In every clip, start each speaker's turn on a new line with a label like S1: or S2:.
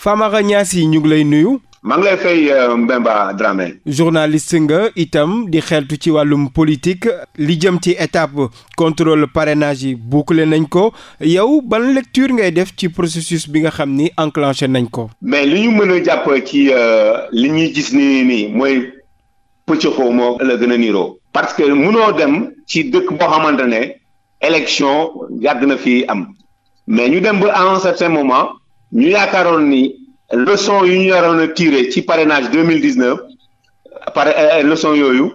S1: Famara Niassy ñu ngi lay nuyu.
S2: maa ngi lay fay euh, Mbemba Dramé.
S1: journaliste nga itam di xeltu ci wàllum politique li jëm ci étape contrôle parrainage yi boucler nañ ko yow ban lecture ngay def ci processus bi nga xam ni enclenché nañ ko.
S2: mais li ñu mën a jàpp ci euh, li ñuy gis ni nii mooy pëccëxoo moo la gën a niiroo. parce que mënoo dem ci dëkk boo xamante ne élection yàgg na fi am mais ñu dem ba à un moment. ñu yaakaaroon ni leçon yu ñu waroon a tiré ci parrainage deux mille dix neuf par euh, euh, leçon yooyu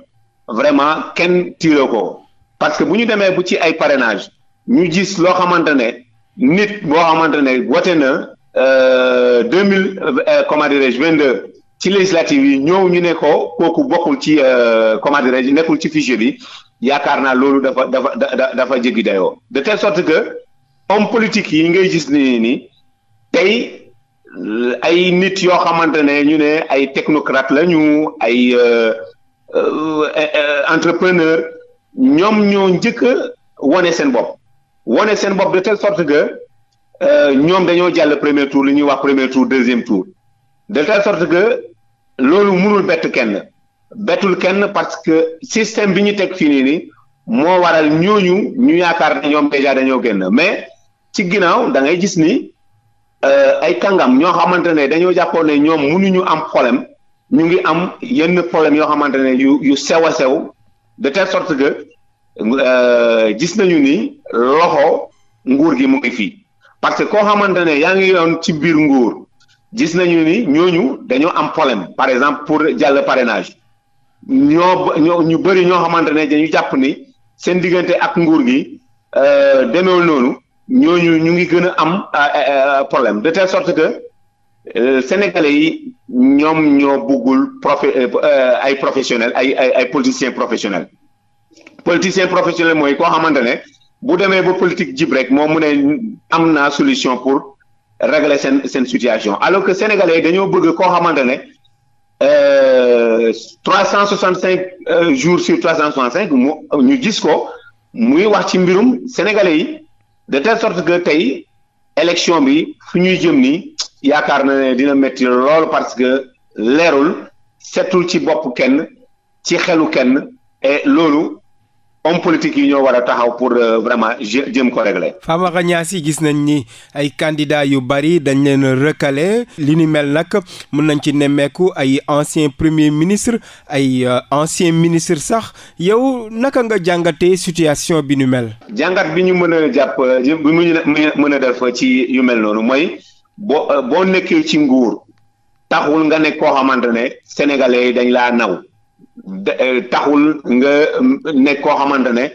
S2: vraiment kenn tiré ko parce que bu ñu demee bu ci ay parrainage ñu gis loo xamante ne nit boo xamante ne wote na euh, deux mille comment dirais-je vingt ci législative yi ñëw ñu ne ko kooku bokkul ci comment dirais-je nekkul ci fichier bi yaakaar na loolu dafa dafa dafa jéggi dayoo de telle sorte que homme politique yi ngay gis nii nii. tey euh, ay nit yoo xamante ne ñu ne ay technocrate la ñu ay euh, euh, entrepreneur ñoom ñoo njëkk a wane seen bopp wane seen bopp de telle sorte que ñoom dañoo jàll premier tour li ñuy wax premier tour deuxième tour de telle sorte que loolu mënul bett kenn bettul kenn parce que système bi ñu teg fii nii nii moo waral ñooñu ñu yaakaar ne ñoom déjà dañoo génn mais ci ginnaaw da ngay gis nii Euh, ay kàngam ñoo xamante ne dañoo jàppoon ne ñoom mënuñu am problème ñu ngi am yenn problème yoo xamante ne yu yu sew a sew de telle sorte que euh, gis nañu ni loxo nguur gi mu ngi fii parce que koo xamante ne yaa ngi yoon ci biir nguur gis nañu ni ñooñu dañoo am problème par exemple pour jàll parrainage ñoo ñoo ñu bëri ñoo xamante ne dañu jàpp ni seen diggante ak nguur gi euh, demeewul noonu ñooñu ñu ngi gën a am problème de telle sorte que euh, sénégalais yi ñoom ñoo buggul profe euh, euh, ay professionnels ay ay ay politiciens professionnels politicien professionnel mooy koo xamante ne bu demee ba politique jib rek moom mu ne am naa solution pour régler seen seen situation alors que sénégalais yi dañoo bëgg koo xamante ne trois cent soixante cinq jours sur trois cent soixante cinq mu ñu gis ko muy wax ci mbirum sénégalais yi. de telle sorte que tey élection bi fu ñuy jëm ni yaakaar na ne dina métti loolu parce que leerul setul ci bopp kenn ci xelu kenn et loolu homme politique yi ñoo war taxaw pour euh, vraiment jéem ko régler.
S1: Famara Niassy gis nañ ni ay candidats yu bari dañ leen recalé li nu mel nag mën nañ ci nemmeeku ay ancien premier ministre ay euh, ancien ministre sax yow naka nga jàngatee situation bi nu mel.
S2: jàngat bi ñu mën a jàpp euh, bi mu mën a def ci yu mel noonu mooy boo boo nekkee ci nguur taxul nga nekk koo xamante ne sénégalais yi dañ laa naw. Euh, taxul nga mm, nekk koo xamante ne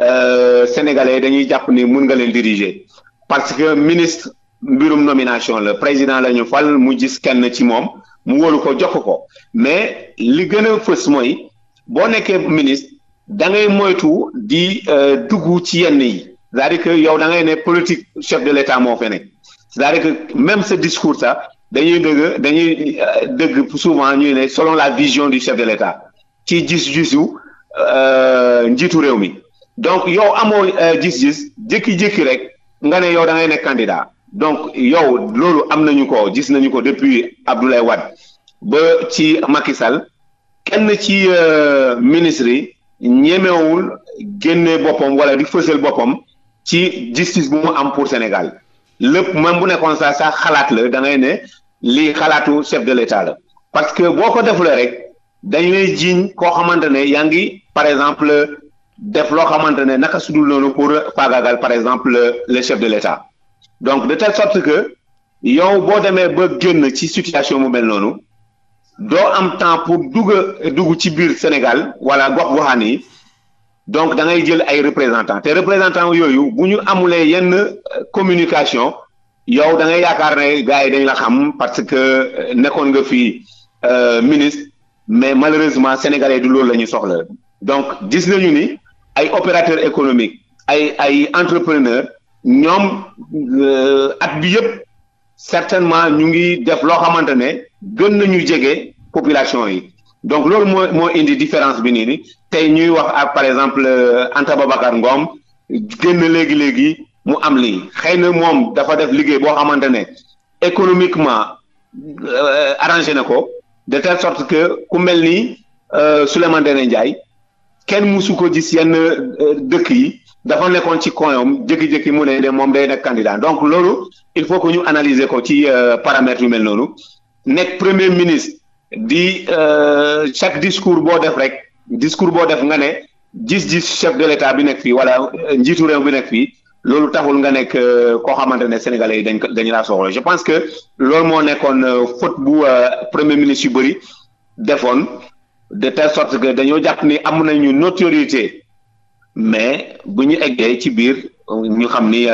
S2: euh, sénégalais dañuy jàpp ni mun nga leen diriger parce que ministre mbirum nomination la président la ñu fal mu gis kenn ci moom mu wolu ko jox ko mais li gën a fës mooy boo nekkee ministre da ngay moytu di euh, duggu ci yenn yi c'est-à-dire que yow da ngay ne politique chef de l'état moo fi nekk c'est-à-dire que même ce discours sax dañuy dëgg dañuy dëgg souvent ñuy ne selon la vision du chef de l'état ci gis-gisu euh, njiitu réew mi donc yow amoo euh, gis-gis jékki-jékki rek nga ne yow da ngay nekk donc yow loolu am nañu ko gis nañu ko depuis Abdoulaye Wade ba ci Macky Sall kenn ci euh, ministre yi ñemewul génne boppam wala di fësal boppam ci justice bu mu am pour Sénégal lépp man bu nekkoon sax sax xalaat la da ngay ne lii xalaatu chef de l' la parce que boo ko defulee rek. dañ lay jiiñ koo xamante ne yaa ngi par exemple def loo xamante ne naka sudul noonu pour faagaagal par exemple le chef de l'État donc de telle sorte que yow boo demee ba génn ci situation mu mel noonu doo am temps pour dugg dugg ci biir Sénégal wala gox goxaan donc da ngay jël ay représentants te représentants yooyu bu ñu amulee yenn euh, communication yow da ngay yaakaar ne gars yi dañ la xam parce que euh, nekkoon nga fi euh, ministre mais malheureusement sénégalais du loolu la ñu soxla donc gis nañu ni ay opérateurs économique ay ay entrepreneur ñoom euh, at bi yëpp certainement ñu ngi def loo xamante ne gën nañu jege population yi donc loolu moo moo indi différence bi nii ni tey ñuy wax ak par exemple euh, Anta Babacar Ngom génn léegi léegi mu am lii xëy na moom dafa def liggéey boo xamante ne économiquement euh, arrangé na ko. de telle sorte que ku mel ni euh, Souleymane Ndéné Ndiaye kenn musu ko gis yenn euh, dëkk yi dafa nekkoon ci koom jékki-jékki mu ne moom day nekk candidat donc loolu il faut que ñu analyser ko ci euh, paramètres yu mel noonu nekk premier ministre di chaque discours boo def rek discours boo def nga ne gis-gis chef de l'état bi nekk fii wala njiitu réew bi nekk fii loolu taxul nga nekk euh, koo xamante ne sénégalais yi dañ ko dañu laa soxla je pense que loolu moo nekkoon euh, faute bu euh, premier ministre yu bëri defoon de tell sorte que dañoo jàpp ni am nañu notoriété mais bu ñu eggee ci biir ñu xam ni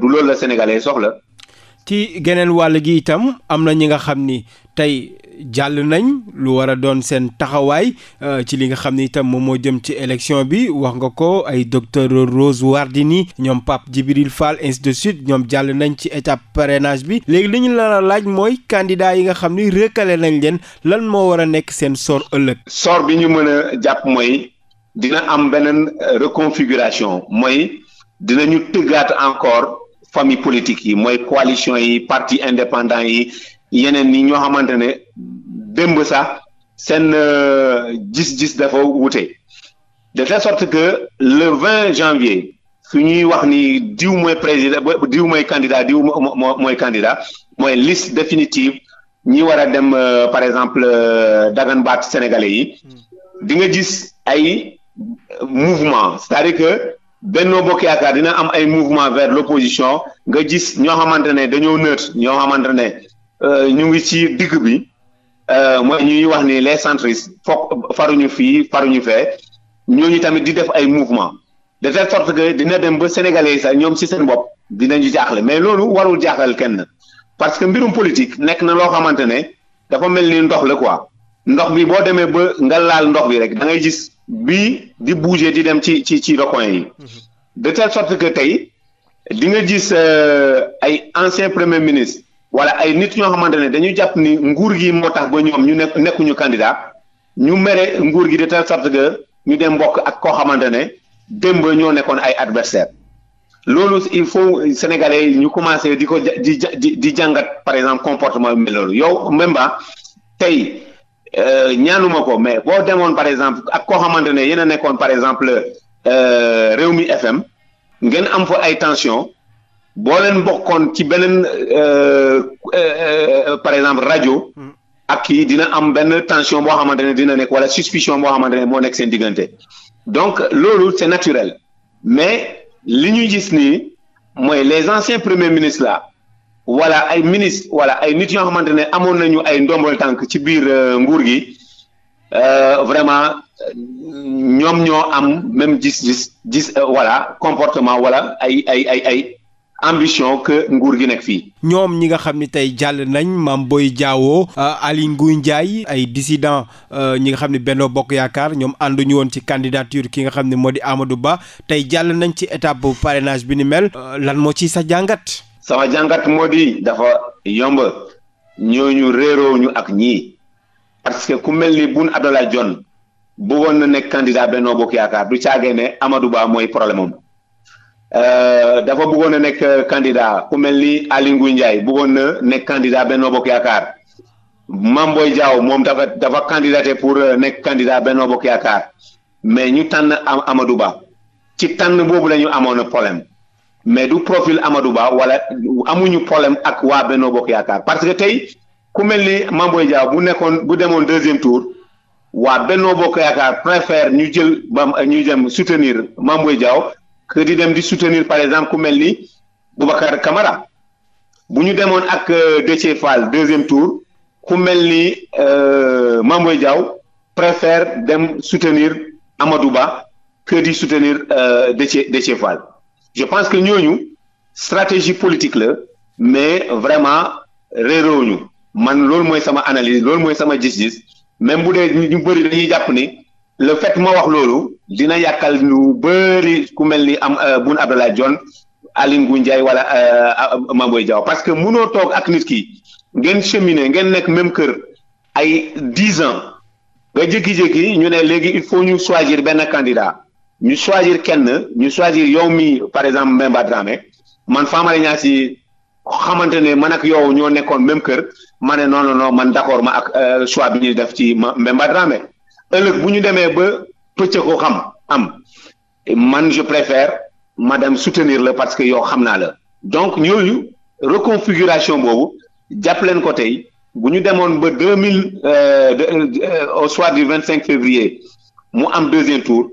S2: du loolu la sénégalais soxla.
S1: ci geneen wàll gi itam am na ñi nga xam ni tey jàll nañ lu war a doon seen taxawaay euh, ci li nga xam ne itam moom moo jëm ci élection bi wax nga ko ay docteur Rose Wardini ñoom Pape Djibril Fall ainsi de suite ñoom jàll nañ ci étape parenage bi léegi li ñu la laaj mooy candidat yi nga xam ni recalé nañ leen lan moo war a nekk seen sor ëllëg. sor
S2: bi ñu mën a jàpp mooy dina am beneen euh, reconfiguration mooy dinañu tëggaat encore famille politique yi mooy coalition yi parti indépendant yi. yeneen ni ñoo xamante ne démb sax seen euh, gis-gis dafa wute de telle sorte que le 20 janvier su ñuy wax ni diw mooy président diw mooy candidat diw mooy candidat mooy liste définitive ñi war a dem euh, par exemple euh, dagan baat sénégalais yi hmm. di nga gis ay mouvement c'est-à-dire que Benno Bokk Yaakaar dina am ay mouvement vers l'opposition nga gis ñoo xamante ne dañoo neutre ñoo xamante ne Euh, ñu ngi ci digg bi euh, mooy ñuy wax ni les centristes foog faruñu fii faruñu fee ñooñu tamit di def ay mouvement de telle sorte que dina dem ba sénégalais yi sax ñoom ci seen bopp dinañu jaaxle mais loolu warul jaaxal kenn parce que mbirum politique nekk na loo xamante ne dafa mel ni ndox la quoi ndox bi boo demee ba nga laal ndox bi rek da ngay gis bi di bouger di dem ci ci ci recoins yi mm-hmm. de telle sorte que tey di nga gis euh, ay ancien premier ministre wala ay nit ñoo xamante ne dañu jàpp ni nguur gi moo tax ba ñoom ñu nekk nekkuñu candidat ñu mere nguur gi de telle sorte que ñu dem mbokk ak koo xamante ne ba ñoo nekkoon ay adversaire loolu il faut sénégalais ñu commencé di ko di di di jàngat par exemple comportement bi mel loolu yow même ba tey euh, ñaanuma ko mais boo demoon par exemple ak koo xamante ne yéen a nekkoon par exemple euh, réew mi FM ngeen am fa ay tension boo leen bokkoon ci beneen euh, euh, par exemple rajo. Hmm. ak kii dina am benn tension boo xamante ne dina nekk wala suspicion boo xamante ne moo nekk seen diggante donc loolu c'est naturel mais li ñu gis ni mooy les anciens premiers ministres la wala ay ministres wala ay nit yoo ne amoon nañu ay ndombol tànk ci biir euh, nguur gi vraiment ñoom ñoo am même gis-gis gis voilà comportement wala ay ay ay ay. ambition que nguur gi nekk fii.
S1: ñoom ñi nga xam ni tey jàll nañ Mame Boye Diao euh, Aly Ngouille Ndiaye ay dissident euh, ñi nga xam ne Benno Bokk Yaakaar ñoom ànduñu woon ci candidature ki nga xam ne moo di Amadou Ba tey jàll nañ ci étape bu parrainage bi ni mel euh, lan moo ci sa jàngat.
S2: sama jàngat moo di dafa yomb ñooñu réeroo ñu ak ñii parce ku mel ni Boun Abdallah Dionne bëggoon na nekk candidat Benno Bokk Yaakaar du caagee ne Amadou Ba mooy problème am. Euh, dafa bëggoon a nekk candidat ku mel ni Aly Ngouille Ndiaye bëggoon na nekk candidat Benno Bokk Yaakaar Mame Boye moom dafa dafa candidaté pour euh, nekk candidat Benno Bokk Yaakaar mais ñu tànn Amadou Ba ci tànn boobu la ñu amoon problème mais du profil Amadou Ba wala amuñu problème ak waa Benno Bokk Yaakaar parce que tey ku mel ni Mame Boye Diao bu nekkoon bu demoon deuxième tour waa Benno Bokk Yaakaar préfère ñu jël ba ñu dem soutenir Mame Boye Diao que dem di soutenir par exemple ku mel ni Boubacar Camara bu ñu demoon ak euh, Déthié Fall deuxième tour ku mel ni euh, Mame Boye Diao préfère dem soutenir Amadou Ba que di soutenir euh, Déthié Déthié Fall je pense que ñooñu stratégie politique la mais vraiment réeróo ñu man loolu mooy sama analyse loolu mooy sama gis-gis même bu dee ñu bëri dañuy jàpp ni le fait ma wax lolu dina yàkkal lu bëri ku mel ni am euh, Boun Abdallah Dionne Aly Ngouille Ndiaye wala euh, Mame Boye Diao parce que mënoo toog ak nit ki ngeen cheminer ngeen nekk même kër ay dix ans nga jékki-jékki ñu ne léegi il faut ñu choisir benn kandida ñu choisir kenn ñu choisir yow mi par exemple Mbemba Dramé man Famara Niasse xamante ne man ak yow ñoo nekkoon même kër ma ne non non non man d'accord ma ak euh, choix bi ñuy def ci Mbemba Dramé ëllëg bu ñu demee ba pëcc ko xam am man je préfère madame soutenir la parce que yow xam naa la donc ñooñu reconfiguration boobu jàpp leen ko tey bu ñu demoon ba deux mille euh, euh, au soir du vingt cinq février mu am deuxième tour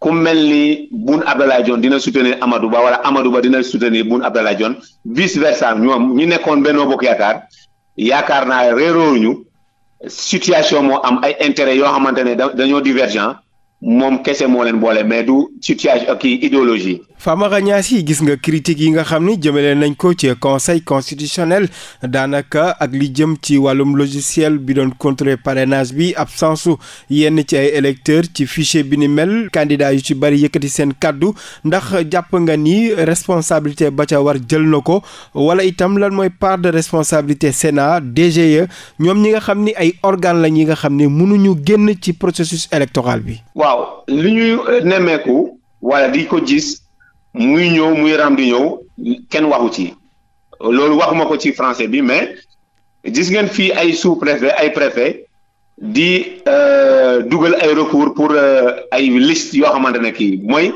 S2: ku mel ni Boun Abdallah Dionne dina soutenir Amadou Ba wala Amadou Ba dina soutenir Boun Abdallah Dionne vice versa ñoom ñi nekkoon Benno Bokk Yaakaar yaakaar naa réeroo ñu situation moo am ay intérêt yoo xamante ne dañoo divergent moom kese moo leen boole mais du situation kii idéologie
S1: Famara Niassy gis nga critique yi nga xam ni jëmale nañ ko ci conseil constitutionnel daanaka ak li jëm ci wàllum logiciel bi doon contrôler parrainage bi absence su yenn ci ay électeurs ci fichier bi ni mel candidat yu ci bëri yëkkati seen kàddu ndax jàpp nga ni responsabilité ba ca war jël na ko wala itam lan mooy part de responsabilité Sénat DGE ñoom ñi nga xam ni ay organes lañ yi nga xam ni mënuñu génn ci processus électoral bi.
S2: waaw li ñuy nemmeeku wala di muy ñëw muy raam di ñëw kenn waxu ci loolu waxuma ko ci français bi mais gis ngeen fii ay sous préfet ay préfet di euh, dugal ay recours pour euh, ay liste yoo xamante ne kii mooy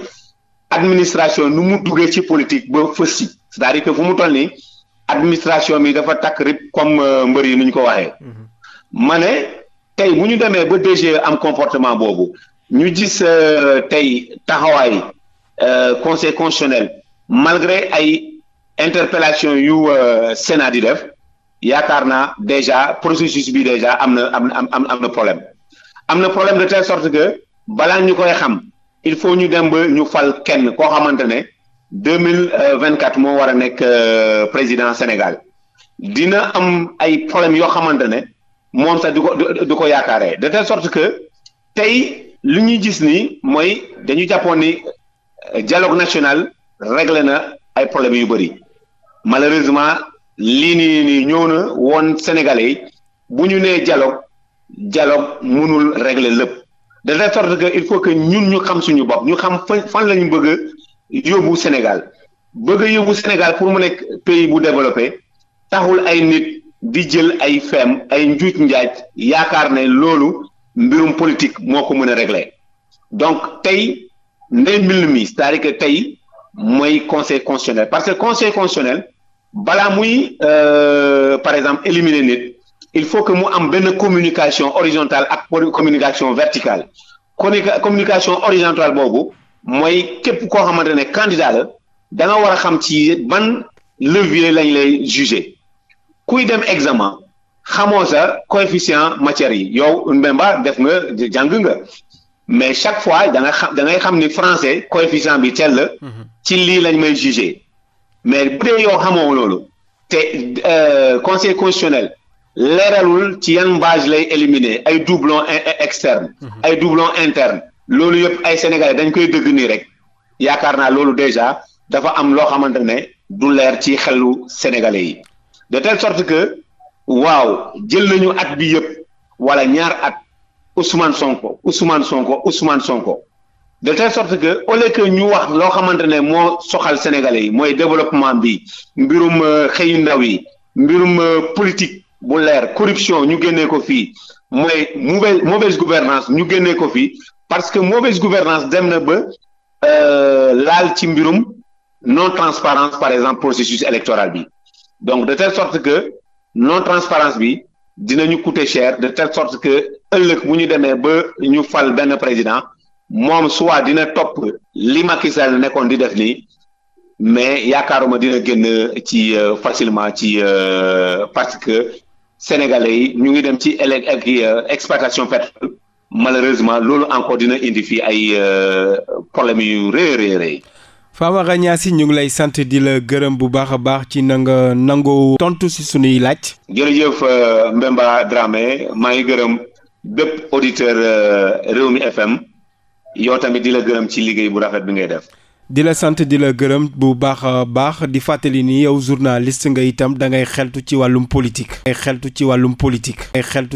S2: administration nu mu duggee ci politique ba fës si c'est-à-dire que fu mu toll nii administration bi dafa takk rip comme euh, mbër yi nu ñu ko waxee mm-hmm. ma ne tey bu ñu demee ba DG e am comportement boobu ñu gis tey taxawaay Euh, conseil constitutionnel malgré ay interpellation yu euh, Sénat di def yaakaar naa déjà processus bi déjà am na am na am na problème am na problème de telle sorte que bala ñu koy xam il faut ñu dem ba ñu fal kenn koo xamante ne deux mille vingt quatre moo war a nekk euh, président Sénégal dina am ay problème yoo xamante ne moom sax du ko du ko yaakaaree de telle sorte que tey li ñuy gis ni mooy dañu jàppoon ni dialogue national réglé na ay problèmes yu bëri malheureusement lii nii nii ñëw na woon sénégalais yi bu ñu nee dialogue dialogue mënul régler lépp de telle sorte que il faut que ñun ñu xam suñu bopp ñu xam fan la ñu bëgg a yóbbu Sénégal bëgg a yóbbu Sénégal pour mu nekk pays bu développé taxul ay nit di jël ay feem ay njuuj njaaj yaakaar ne loolu mbirum politique moo ko mën a donc tey ndey mbill mi c'est-à-dire tey mooy conseil constitutionnel parce que conseil constitutionnel balaa muy euh, par exemple éliminer nit il faut que mu am benn communication horizontale ak communication verticale communication horizontale boobu mooy képp koo xamante ne candidat la war a xam ci ban levier lañ lay juger kuy dem examen xamoo sa coefficient matière yi yow une ba def nga jàng nga mais chaque fois da nga xam ni français coefficient bi tel la. Mhm. ci lii lañ may jugé. mais bu dee yow xamoo loolu. te euh, conseil constitutionnel. leeralul ci yan base lay éliminer ay doublon externe. Mhm. ay doublon interne. loolu yëpp ay sénégalais dañ koy dëgg nii rek. yaakaar naa loolu déjà dafa am loo xamante ne du leer ci xelu sénégalais yi. de telle sorte que waaw jël nañu at bi yëpp wala ñaar at. Ousmane Sonko Ousmane Sonko Ousmane Sonko de telle sorte que au lieu que ñu wax loo xamante ne moo soxal sénégalais yi mooy développement bi mbirum euh, xëyu ndaw yi mbirum euh, politique bu leer corruption ñu génnee ko fii mooy mauvaise mauvaise gouvernance ñu génnee ko fii parce que mauvaise gouvernance dem na ba euh, laal ci mbirum non transparence par exemple processus électoral bi donc de telle sorte que non transparence bi dinañu coûter cher de telle sorte que ëllëg bu ñu demee ba ñu fal benn président moom soit dina topp li Macky Sall nekkoon di def nii mais ma dina génn ci euh, facilement ci euh, parce que sénégalais yi ñu ngi dem ci élec ak e-, e-, euh, exploitation pétrole malheureusement loolu encore dina indi fii ay problèmes yu rëy rëy rëy
S1: Famara Niassy ñu ngi lay sant di la gërëm bu baax a baax ci na nga nangoo tontu si sunuy laaj.
S2: jërëjëf euh, Mbemba drame maa ngi gërëm bépp auditeur euh, mi FM yow tamit di la gërëm ci liggéey bu rafet bi ngay def.
S1: di la sant di la gërëm bu baax baax di fàttali ni yow journaliste nga itam da ngay xeltu ci wàllum politique. ngay xeltu ci wàllum politique. ngay xeltu